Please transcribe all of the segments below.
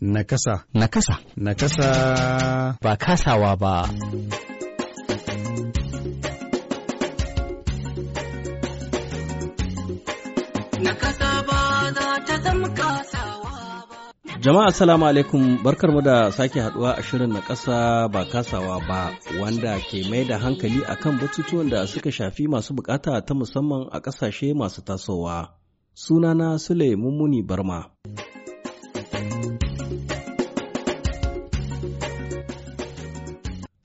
Nakasa. Nakasa. Nakasa. Ba kasawa ba. Jama'a salamu alaikum barkar mu da sake haduwa a shirin na ƙasa ba kasawa ba wanda ke mai da hankali a kan batutuwan da suka shafi masu bukata ta musamman a ƙasashe masu tasowa. Sunana Sule Mummuni Barma.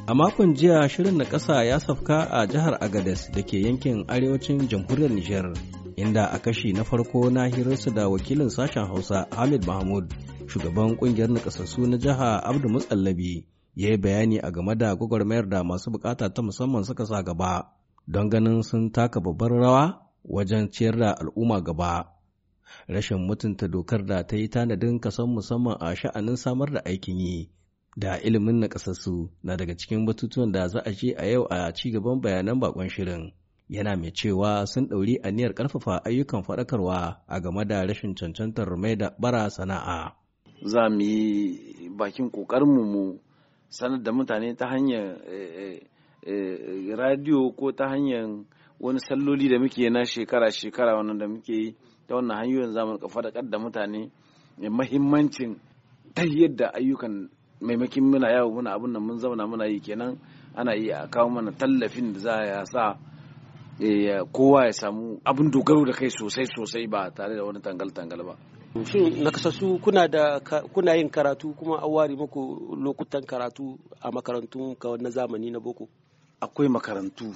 A makon jiya shirin na ƙasa ya safka a jihar Agades da ke yankin arewacin jamhuriyar Nijar, inda a kashi na farko na hirarsu da wakilin sashen Hausa Hamid Mahmud, shugaban ƙungiyar nakasassu na jiha Abdu Musallabi, ya yi bayani a game da gwagwarmayar da masu bukata ta musamman suka sa gaba, don ganin sun taka babbar rawa wajen ciyar da al'umma gaba. Rashin mutunta dokar da ta yi tanadin kasan musamman a sha'anin samar da aikin yi. da ilimin na na daga cikin batutuwan da za a je a yau a ci gaban bayanan bakon shirin. Yana mai cewa sun ɗauri aniyar ƙarfafa ayyukan faɗakarwa a game da rashin cancantar mai da bara sana'a. Za mu yi bakin ƙoƙarmu mu sanar da mutane ta hanyar eh, eh, eh, radio ko ta hanyar wani salloli da muke na shekara-shekara wannan da muke yi ta wannan hanyoyin zamu faɗakar da mutane mahimmancin ta yadda ayyukan maimakin muna yawo muna abin nan mun zauna muna yi kenan ana iya a kawo mana tallafin da za ya sa eh, kowa ya samu abin dogaro da kai sosai sosai ba tare da wani tangal tangal ba shin nakasassu kuna da kuna yin karatu kuma an ware muku lokutan karatu a makarantu kawai na zamani na boko akwai makarantu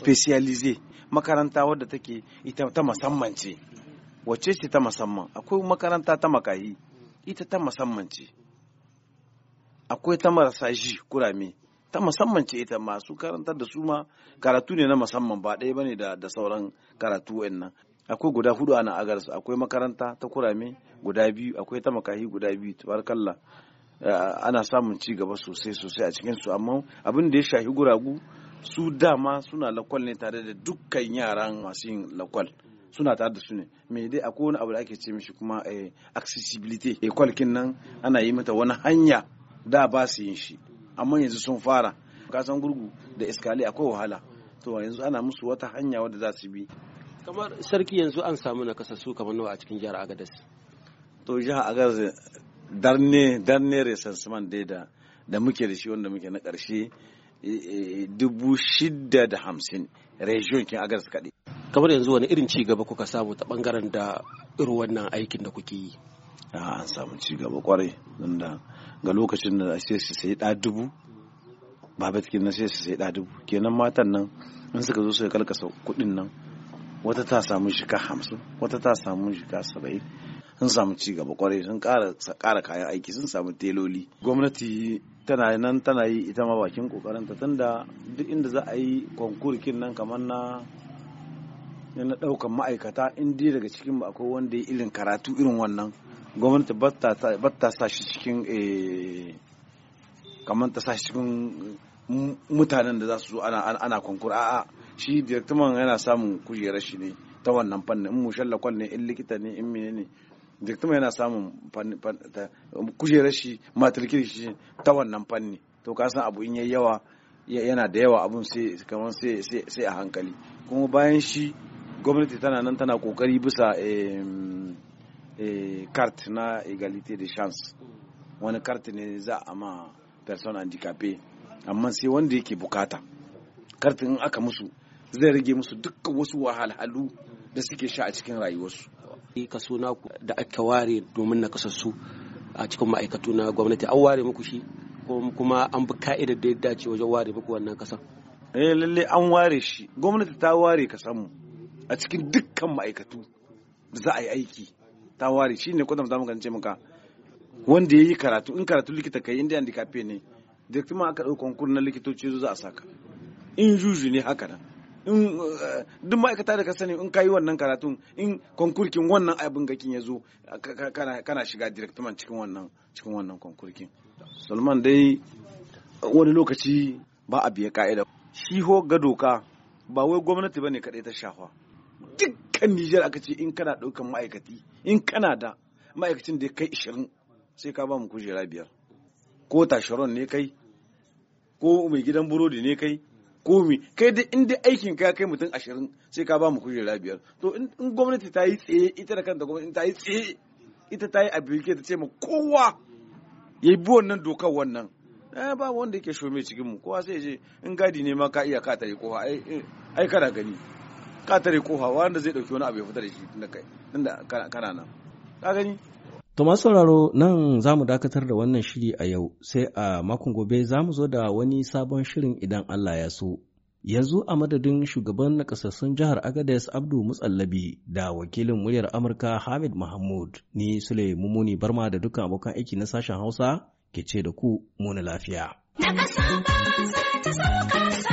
specialize makaranta wadda take ita ta musamman ce wacce ce ta musamman akwai makaranta ta makahi ita ta musamman ce akwai ta marasa ji kurame ta musamman ce ita masu karantar da su ma karatu ne na musamman ba ɗaya bane da da sauran karatu nan akwai guda hudu ana su akwai makaranta ta kurame guda biyu akwai ta makahi guda biyu tabarkalla eh, ana samun ci gaba sosai sosai a cikin su amma abin da ya shafi guragu su dama suna lakwal ne tare da dukkan yaran masu yin lakwal suna tare da su ne me dai akwai wani abu da ake ce mishi kuma eh, accessibility equal eh, kin nan ana yi mata wani hanya da ba su yin shi amma yanzu sun fara kasan gurgu da iskali akwai wahala to yanzu ana musu wata hanya wadda za su bi kamar sarki yanzu an samu na su kamar nawa a cikin jihar agadas to jihar agadas darne darne resansiman dai da da muke da shi wanda muke na ƙarshe eh, eh, dubu shida da hamsin region kin agadas kaɗai kamar yanzu wani irin ci gaba kuka samu ta bangaren da irin wannan aikin da kuke yi ah, an samu ci gaba kwarai don da ga lokacin da sai su sai da dubu babat kenan sai su sai da dubu kenan matan nan in suka zo su kalkasa kuɗin nan wata ta samu shika hamsin wata ta samu shika saba'in sun samu ci gaba kwarai sun ƙara kayan aiki sun samu teloli gwamnati tana nan tana yi ita ma bakin kokarin ta tunda duk inda za a yi konkurkin nan kamar na na ɗaukan ma'aikata in daga cikin ba akwai wanda ya irin karatu irin wannan gwamnati ba ta sa shi cikin eh, kamar ta sa shi cikin mutanen da za su zo ana konkur a'a shi direktaman yana samun kujerar shi ne ta wannan fanni in lakon ne in likita ne in mene ne direktaman yana samun kujerar shi matrikir shi ta wannan fanni to ka san abu in yayi yawa yana da yawa abun kamar sai a hankali kuma bayan shi gwamnati tana nan tana kokari bisa kart na egalite de chance wani kart ne za a ma person handicapé amma sai wanda yake bukata kartin in aka musu zai rage musu dukkan wasu wahalhalu da suke sha a cikin rayuwarsu kaso naku da aka ware domin na kasassu a cikin ma'aikatu na gwamnati an ware muku shi kuma an bi ka'idar da ya dace wajen ware muku wannan kasan eh lalle an ware shi gwamnati ta ware kasanmu a cikin dukkan ma'aikatu da za a yi aiki ta ware shi ne kudam zamu gance muka wanda ya yi karatu in karatu likita kai inda yandi kafe ne duk ma aka ɗauki konkur na likitoci za a saka in juju ne haka nan in eh, duk ma'aikata da ka sani in kayi wannan karatun in konkurkin wannan abin gakin ya zo kana shiga directman cikin wannan cikin wannan konkurkin Salman dai wani lokaci ba a biya ka'ida shi ho ga doka ba wai gwamnati bane kadai ta shafa dukkan Nijar aka ce in kana ɗaukan ma'aikati in kana da ma'aikacin da ya kai ishirin sai ka ba mu kujera biyar ko tasharon ne kai ko mai gidan burodi ne kai ko mi kai da inda aikin ka kai mutum ashirin sai ka ba mu kujera biyar to in gwamnati ta yi tsaye ita da kanta gwamnati ta yi tsaye ita ta yi abirke ta ce ma kowa ya bi wannan dokar wannan eh ba wanda yake shome cikin mu kowa sai ya in gadi ne ma ka iya ka tare kowa ai kana gani katare kofa wanda zai dauki wani abu ya fita da shi tun kai tun kana nan ka gani to masu sauraro nan za mu dakatar da wannan shiri a yau sai a makon gobe za mu zo da wani sabon shirin idan Allah ya so yanzu a madadin shugaban nakasassun jihar agadez abdu mutsallabi da wakilin muryar amurka hamid mahmud ni sule mumuni barma da dukkan abokan aiki na sashen hausa ke ce da ku muna lafiya. Na ƙasa ba za ta sauka